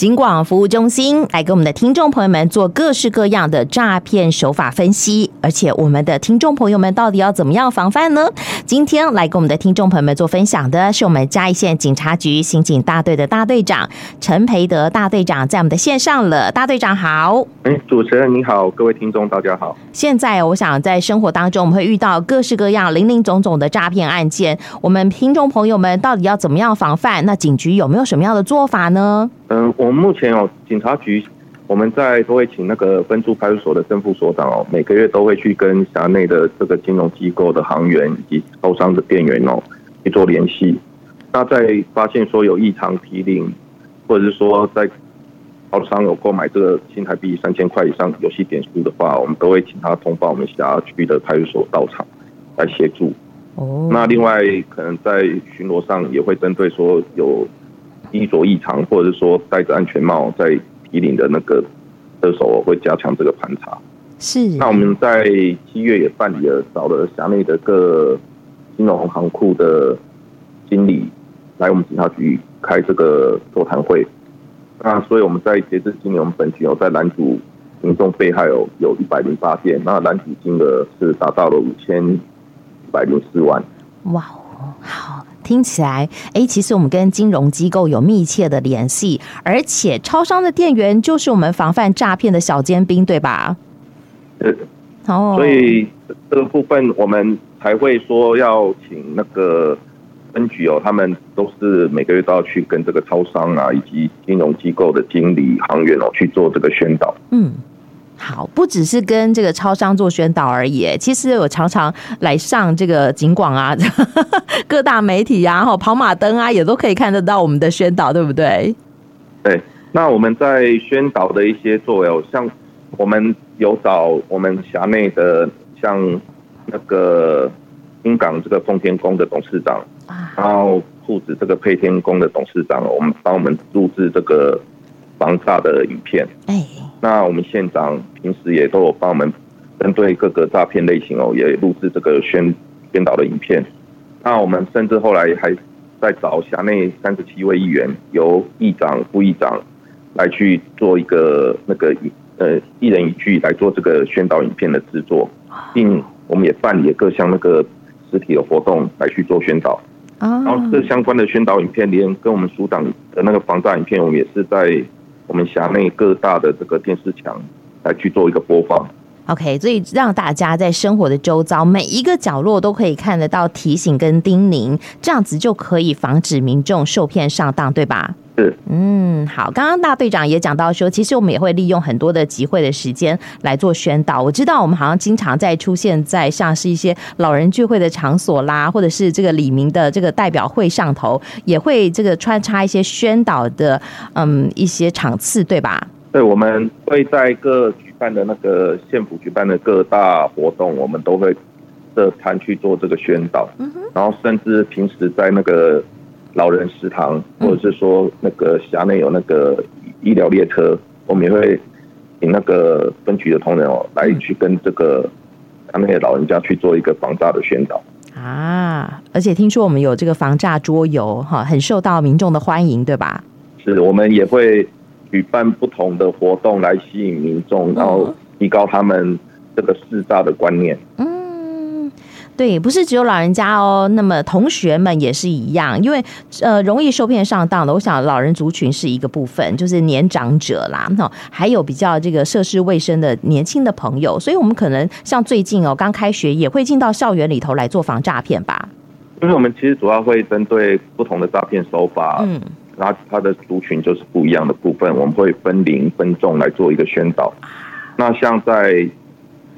警廣服務中心來給我們的聽眾朋友們做各式各樣的詐騙手法分析，而且我們的聽眾朋友們到底要怎麼樣防範呢？今天來給我們的聽眾朋友們做分享的是我們嘉義縣警察局刑警大隊的大隊長陳培德大隊長，在我們的線上了。大隊長好，哎、欸，主持人你好，各位聽眾大家好。現在我想在生活當中我們會遇到各式各樣、林林總總的詐騙案件，我們聽眾朋友們到底要怎麼樣防範？那警局有沒有什麼樣的做法呢？嗯、呃。我們目前哦，警察局，我們在都會請那個分駐派出所的正副所長哦，每個月都會去跟轄內的這個金融機構的行員以及超商的店員哦，去做聯繫。那在發現說有異常提領，或者是說在超商有購買這個新台幣三千塊以上遊戲點數的話，我們都會請他通報我們轄區的派出所到場來協助。Oh. 那另外可能在巡邏上也會針對說有。衣着異常，或者是說戴着安全帽，在毗鄰的那個，車手會加強這個盤查。是耶。那我們在七月也辦理了，找了轄內的各金融行庫的經理來我們警察局開這個座談會。那所以我們在截至今年，我們本局有在攔阻民眾被害有有一百零八件，那攔阻金額是達到了五千一百零四萬。哇哦！聽起來，欸，其實我們跟金融機構有密切的聯繫，而且超商的店員就是我們防範詐騙的小尖兵，對吧？哦，呃，所以這個部分我們才會說要請那個分局哦，他們都是每個月都要去跟這個超商啊，以及金融機構的經理、行員哦去做這個宣導。嗯。好，不只是跟這個超商做宣導而已，其實我常常來上這個警廣啊，各大媒體啊，跑馬燈啊，也都可以看得到我們的宣導，對不對？對，那我們在宣導的一些作用，像我們有找我們轄內的，像那個新港這個奉天宮的董事長，啊、然後兔子這個配天宮的董事長，我們幫我們錄製這個防詐的影片，哎。那我們縣長平時也都有幫我們，針對各個詐騙類型哦，也錄制這個宣宣導的影片。那我們甚至後來還在找轄內三十七位議員，由議長、副議長來去做一個那個呃一人一句來做這個宣導影片的製作，並我們也辦理了各項那個實體的活動來去做宣導。Oh. 然後這相關的宣導影片，連跟我們署長的那個防詐影片，我們也是在，我們轄內各大的這個電視牆來去做一個播放。OK，所以讓大家在生活的周遭每一個角落都可以看得到提醒跟叮嚀，這樣子就可以防止民眾受騙上當，對吧？是，嗯，好，剛剛大隊長也講到說，其實我們也會利用很多的集會的時間來做宣導。我知道我們好像經常在出現在像是一些老人聚會的場所啦，或者是這個里民的這個代表會上頭，也會這個穿插一些宣導的，嗯，一些場次，對吧？對，我們會在一個辦的那個縣府舉辦的各大活動，我們都會設攤去做這個宣導。嗯、哼然後，甚至平時在那個老人食堂，或者是說那個轄內有那個醫療列車，嗯、我們也會請那個分局的同仁哦，來去跟這個他們的老人家去做一個防詐的宣導。啊，而且聽說我們有這個防詐桌遊，哈，很受到民眾的歡迎，對吧？是，我們也會。舉辦不同的活動來吸引民眾，然後提高他們這個識詐的觀念。嗯，對，不是只有老人家哦。那麼同學們也是一樣，因為呃，容易受騙上當的，我想老人族群是一個部分，就是年長者啦。還有比較這個涉世未深的年輕的朋友，所以我們可能像最近哦，剛開學也會進到校園裡頭來做防詐騙吧。就是我們其實主要會針對不同的詐騙手法。嗯。那它的族群就是不一樣的部分，我們會分齡分眾來做一個宣導。那像在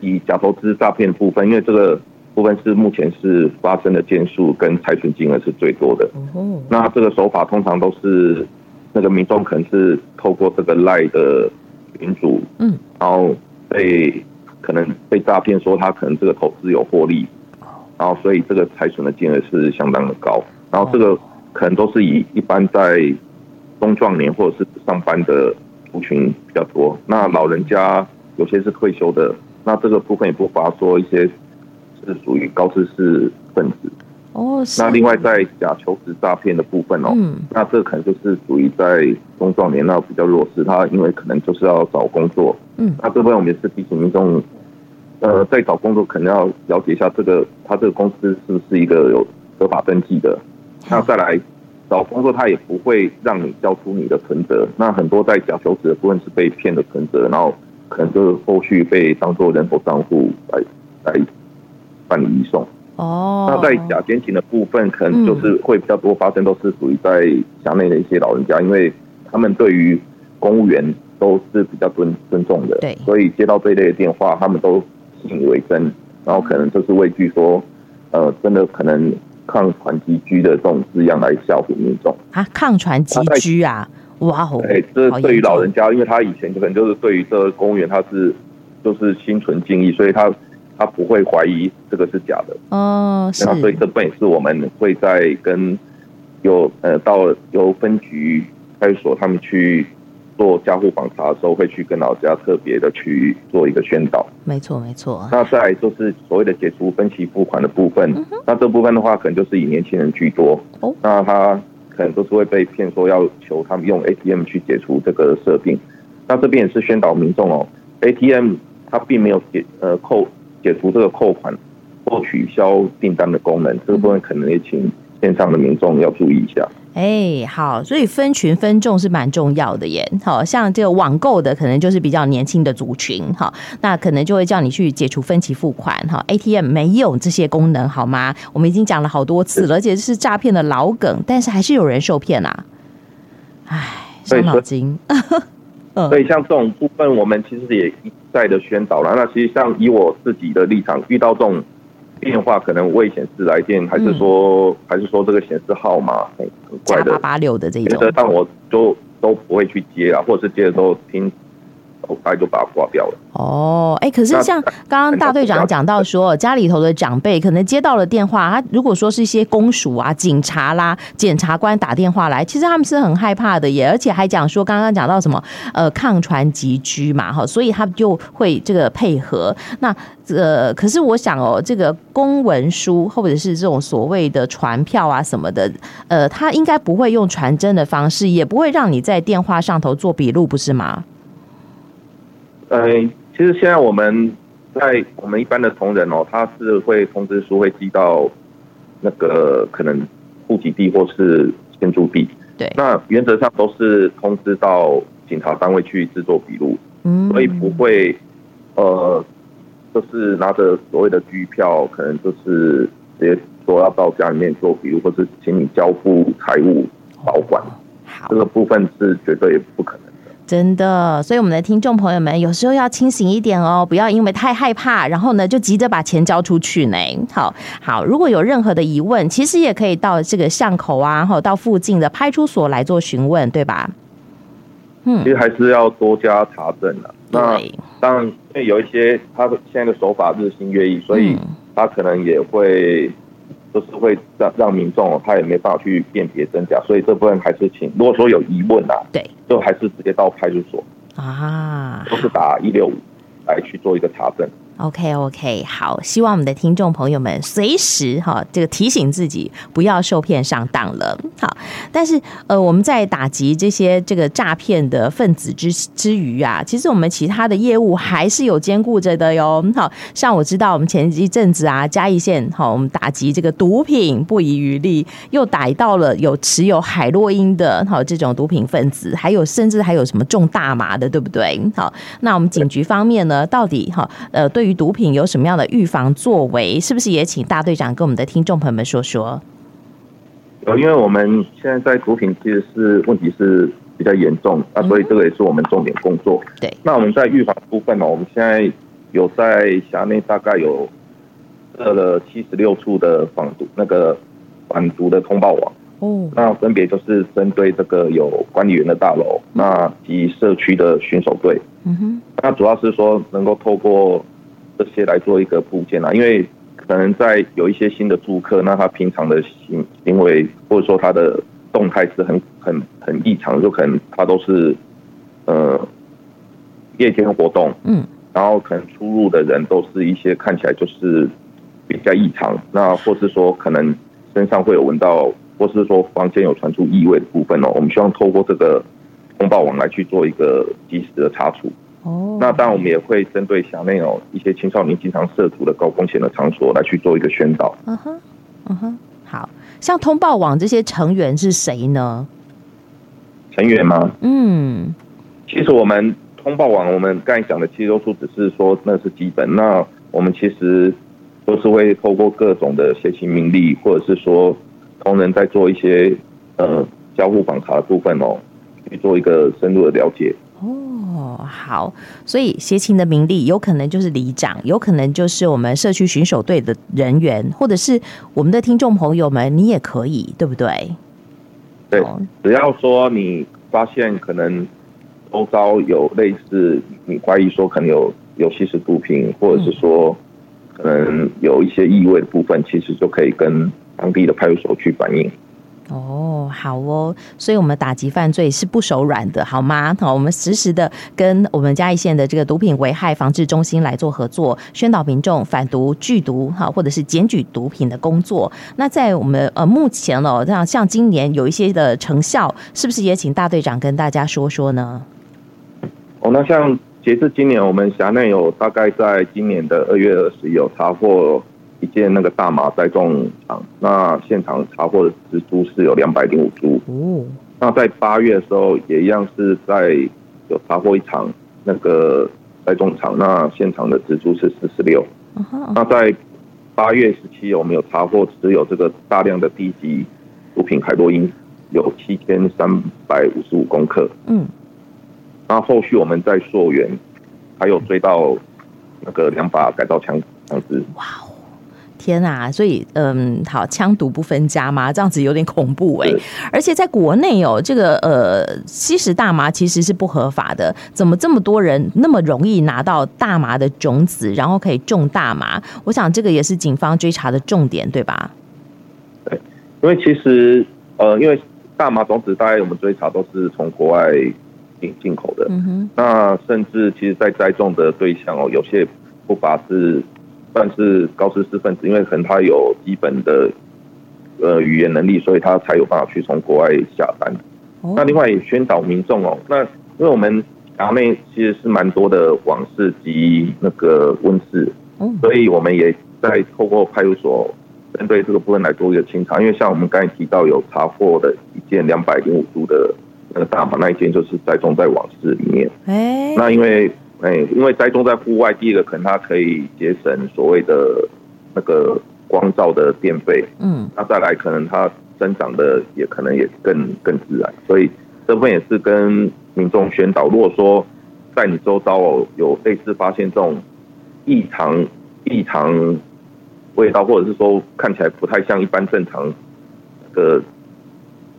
以假投資詐騙部分，因為這個部分是目前是發生的件數跟財損金額是最多的。哦、嗯。嗯、那這個手法通常都是那個民眾可能是透過這個 Line 的群主，嗯，然後被、嗯、可能被詐騙說他可能這個投資有獲利，然後所以這個財損的金額是相當的高。然後這個。可能都是以一般在中壯年或者是上班的族群比較多。那老人家有些是退休的，那這個部分也不乏說一些是屬於高知識分子。哦，是。那另外在假求職詐騙的部分哦，嗯，那這可能就是屬於在中壯年，那比較弱勢，他因為可能就是要找工作。嗯。那這部分我們也是提醒民眾，呃，在找工作肯定要了解一下這個他這個公司是不是一個有合法登記的。那再來找工作，他也不會讓你交出你的存折。那很多在假求職的部分是被騙的存折，然後可能就是後續被當作人頭帳戶來來辦理移送。哦。那在假檢警的部分，可能就是會比較多發生，都是屬於在轄內的一些老人家，因為他們對於公務員都是比較尊尊重的。對所以接到這類的電話，他們都信以為真，然後可能就是畏懼說，呃，真的可能。抗傳即拘的這種字樣來嚇唬民眾啊！抗傳即拘啊！在哇哦。哎、欸，這對於老人家，因為他以前可能就是對於這個公務員，他是就是心存敬意，所以他他不會懷疑這個是假的哦。是然後，所以這本是我們會在跟有呃到有分局、派出所他們去。做家戶訪查的時候，會去跟老人家特別的去做一個宣導。沒錯，沒錯。那再就是所謂的解除分期付款的部分，嗯、哼那這部分的話，可能就是以年輕人居多。哦。那他可能都是會被騙，說要求他們用 ATM 去解除這個設定。那這邊也是宣導民眾哦，ATM 它並沒有解呃扣解除這個扣款或取消訂單的功能。嗯、哼這個部分可能也請線上的民眾要注意一下。哎、欸，好，所以分群分眾是蠻重要的耶。好、哦、像這個網購的可能就是比較年輕的族群，哈、哦，那可能就會叫你去解除分期付款，哈、哦，ATM 沒有這些功能，好嗎？我們已經講了好多次了，是而且是詐騙的老梗，但是還是有人受騙啊。哎，傷腦筋，所以老、 呃、像這種部分，我們其實也一再的宣導了。那其實像以我自己的立場，遇到這種。電話可能未顯示來電，還是說、嗯、還是說這個顯示號碼很怪、嗯、的，八八六的這種，但我都都不會去接啊，或者是接的時候聽。後來就把他掛掉了。哦，哎、欸，可是像剛剛大隊長講到說，家裡頭的長輩可能接到了電話，他如果說是一些公署啊、警察啦、啊、檢察官打電話來，其實他們是很害怕的，耶。而且還講說剛剛講到什麼呃抗傳即拘嘛，哈，所以他們就會這個配合。那呃，可是我想哦，這個公文書或者是這種所謂的傳票啊什麼的，呃，他應該不會用傳真的方式，也不會讓你在電話上頭做筆錄，不是嗎？呃、嗯，其實現在我們在我們一般的同仁哦，他是會通知書會寄到那個可能戶籍地、或是現住地。對。那原則上都是通知到警察單位去制作筆錄，嗯、所以不會呃，就是拿着所謂的拘票，可能就是直接說要到家裡面做筆錄，或者請你交付財物保管，嗯、好，這個部分是絕對不可能。真的，所以我們的聽眾朋友們有時候要清醒一點哦，不要因為太害怕，然後呢就急着把錢交出去呢。好好，如果有任何的疑問，其實也可以到這個巷口啊，或，到附近的派出所來做詢問，對吧？嗯，其實還是要多加查證的啊。嗯。那，對，當然因為有一些他現在的手法日新月異，所以他可能也會。就是會讓讓民眾他也沒辦法去辨別真假，所以這部分還是請如果說有疑問啊，對，就還是直接到派出所啊，都是打165來去做一個查證。OK，OK，okay, okay, 好，希望我們的聽眾朋友們隨時哈，這個提醒自己不要受騙上當了。好，但是呃，我們在打擊這些這個詐騙的分子之之餘啊，其實我們其他的業務還是有兼顧着的喲。好，像我知道我們前一陣子啊，嘉義縣好，我們打擊這個毒品不遺餘力，又逮到了有持有海洛因的，好這種毒品分子，還有甚至還有什麼種大麻的，對不對？好，那我們警局方面呢，到底哈，呃對於毒品有什麼樣的預防作為？是不是也請大隊長跟我們的聽眾朋友們說說？有，因為我們現在在毒品其實是問題是比較嚴重、嗯、啊，所以這個也是我們重點工作。對，那我們在預防部分嘛，我們現在有在轄內大概有設了七十六處的反毒那個反毒的通報網。哦，那分別就是針對這個有管理員的大樓，那及社區的巡守隊。嗯哼，那主要是說能夠透過。這些來做一個部件啊，因為可能在有一些新的住客，那他平常的行行為或者說他的動態是很很很異常，就可能他都是呃夜間活動，嗯，然後可能出入的人都是一些看起來就是比較異常，那或是說可能身上會有聞到，或是說房間有傳出異味的部分哦，我們希望透過這個通報網來去做一個及時的查處。哦，oh. 那當然，我們也會針對像那種一些青少年經常涉足的高風險的場所來去做一個宣導。嗯哼、uh，嗯、huh. 哼、uh，huh. 好像通報網這些成員是誰呢？成員嗎？嗯，其實我們通報網，我們剛才講的其實都是只是說那是基本，那我們其實都是會透過各種的協勤民力，或者是說同仁在做一些呃交互訪查的部分哦，去做一個深入的了解。哦，oh, 好，所以協勤的民力有可能就是里長，有可能就是我們社區巡守隊的人員，或者是我們的聽眾朋友們，你也可以，對不對？對，只要說你發現可能周遭有類似，你懷疑說可能有有吸食毒品，或者是說可能有一些異味的部分，其實就可以跟當地的派出所去反映。哦，好哦，所以，我們打擊犯罪是不手軟的，好嗎？好，我們實時的跟我們嘉義縣的這個毒品危害防治中心來做合作，宣導民眾反毒、拒毒，哈，或者是檢舉毒品的工作。那在我們呃目前呢，像像今年有一些的成效，是不是也請大隊長跟大家說說呢？哦，那像截至今年，我們轄內有大概在今年的二月二十有查獲。一件那個大麻栽種場，那現場查獲的植株是有兩百零五株。嗯，Oh. 那在八月的時候，也一樣是在有查獲一場那個栽種場，那現場的植株是四十六。Uh huh. Uh huh. 那在八月十七，我們有查獲持有這個大量的低級毒品海洛因，有七千三百五十五公克。嗯、uh huh. 那後續我們在溯源，還有追到那個兩把改造槍槍支。天啊，所以嗯，好槍毒不分家嗎？這樣子有點恐怖哎、欸。對而且在國內哦，這個呃，吸食大麻其實是不合法的。怎麼這麼多人那麼容易拿到大麻的種子，然後可以種大麻？我想這個也是警方追查的重點，對吧？對，因為其實呃，因為大麻種子大概我們追查都是從國外進進口的。嗯哼，那甚至其實，在栽種的對象哦，有些不乏是。算是高知識分子，因為可能他有基本的呃語言能力，所以他才有辦法去從國外下單。哦、那另外也宣導民眾哦，那因為我們島內其實是蠻多的網室及那個溫室，嗯、所以我們也在透過派出所針對這個部分來做一個清查，因為像我們剛才提到有查獲的一件兩百零五株的那個大麻，那一件就是栽種在網室裡面。嘿那因為。哎，因為栽種在戶外，第一個可能它可以節省所謂的那個光照的電費，嗯，那、啊、再來可能它生長的也可能也更更自然，所以這份也是跟民眾宣導，如果說在你周遭、哦、有類似發現這種異常異常味道，或者是說看起來不太像一般正常的那個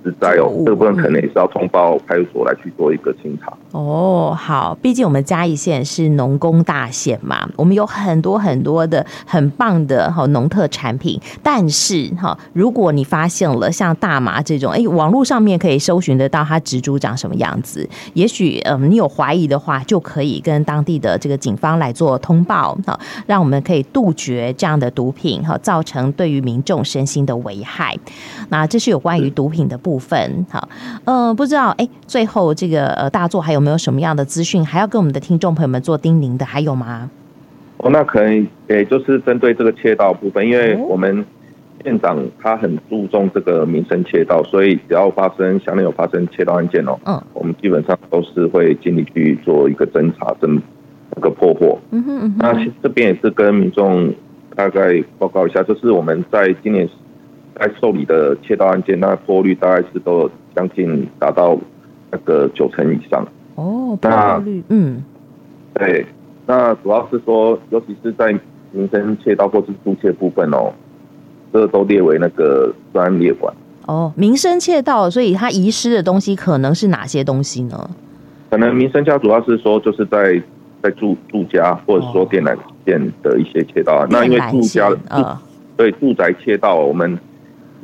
是，在有。這個部分可能也是要通報派出所來去做一個清查。哦，好，畢竟我們嘉義縣是農工大縣嘛，我們有很多很多的很棒的哈農特產品。但是哈、哦，如果你發現了像大麻這種，哎、欸，網絡上面可以搜尋得到它植株長什麼樣子，也許嗯，你有懷疑的話，就可以跟當地的這個警方來做通報，哈、哦，讓我們可以杜絕這樣的毒品哈、哦，造成對於民眾身心的危害。那這是有關於毒品的部分。部分好，嗯、哦，不知道哎，最後這個呃，大作還有沒有什麼樣的資訊還要跟我們的聽眾朋友們做叮嚀的，還有嗎？我那可能誒，也就是針對這個竊盜部分，因為我們院長他很注重這個民生竊盜，所以只要發生想那發生竊盜案件哦，嗯，我們基本上都是會盡力去做一個偵查、偵這個破獲。嗯哼，嗯哼，那這邊也是跟民眾大概報告一下，就是我們在今年。在受理的竊盜案件，那破率大概是都將近達到那個九成以上哦。破率那嗯，對，那主要是說，尤其是在民生竊盜或是住竊部分哦，這個、都列為那個專案列管哦。民生竊盜，所以它遺失的東西可能是哪些東西呢？可能民生家主要是說就是在在住住家或者說電纜線的一些竊盜案。哦、那因為住家啊、哦，對住宅竊盜我們。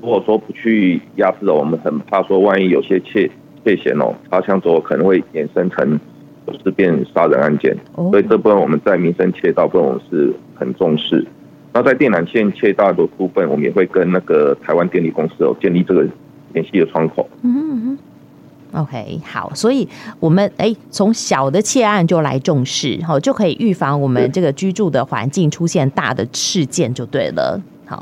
如果說不去壓制了，我們很怕說，萬一有些竊竊嫌哦，他向左可能會衍生成失變殺人案件，哦、所以這部分我們在民生竊盜部分是很重視。那在電纜線竊盜的部分，我們也會跟那個台灣電力公司哦建立這個聯繫的窗口。嗯嗯嗯，OK，好，所以我們哎從小的竊案就來重視，哦，就可以預防我們這個居住的環境出現大的事件就對了。嗯好，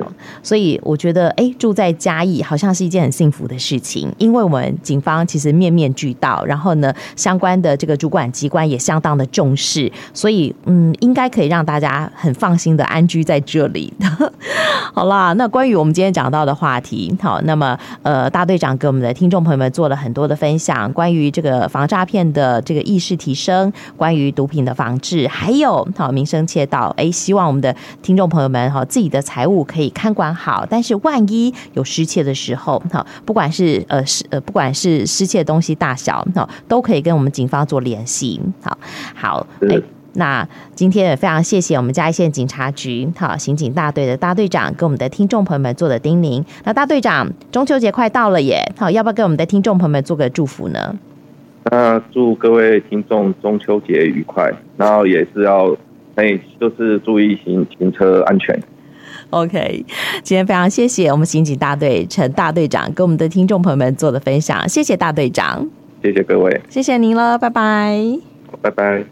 好，所以我覺得，哎，住在嘉義好像是一件很幸福的事情，因為我們警方其實面面俱到，然後呢，相關的這個主管機關也相當的重視，所以，嗯，應該可以讓大家很放心的安居在這裡。 好啦，那關於我們今天講到的話題，好，那麼，呃，大隊長給我們的聽眾朋友們做了很多的分享，關於這個防詐騙的這個意識提升，關於毒品的防治，還有好，民生竊盜，哎，希望我們的聽眾朋友們好、哦，自己的。的財物，可以看管好，但是萬一有失竊的時候，不管是呃失呃不管是失竊東西大小，都可以跟我們警方做聯繫。好，好，哎是、欸，那今天也非常謝謝我們嘉義縣警察局好刑警大隊的大隊長跟我們的聽眾朋友們做的叮嚀。那大隊長，中秋節快到了耶，好，要不要給我們的聽眾朋友們做個祝福呢？那祝各位聽眾中秋節愉快，然後也是要哎、欸，就是注意行行車安全。OK，今天非常謝謝我們刑警大隊陳大隊長跟我們的聽眾朋友們做的分享，謝謝大隊長，謝謝各位，謝謝您了，拜拜，拜拜。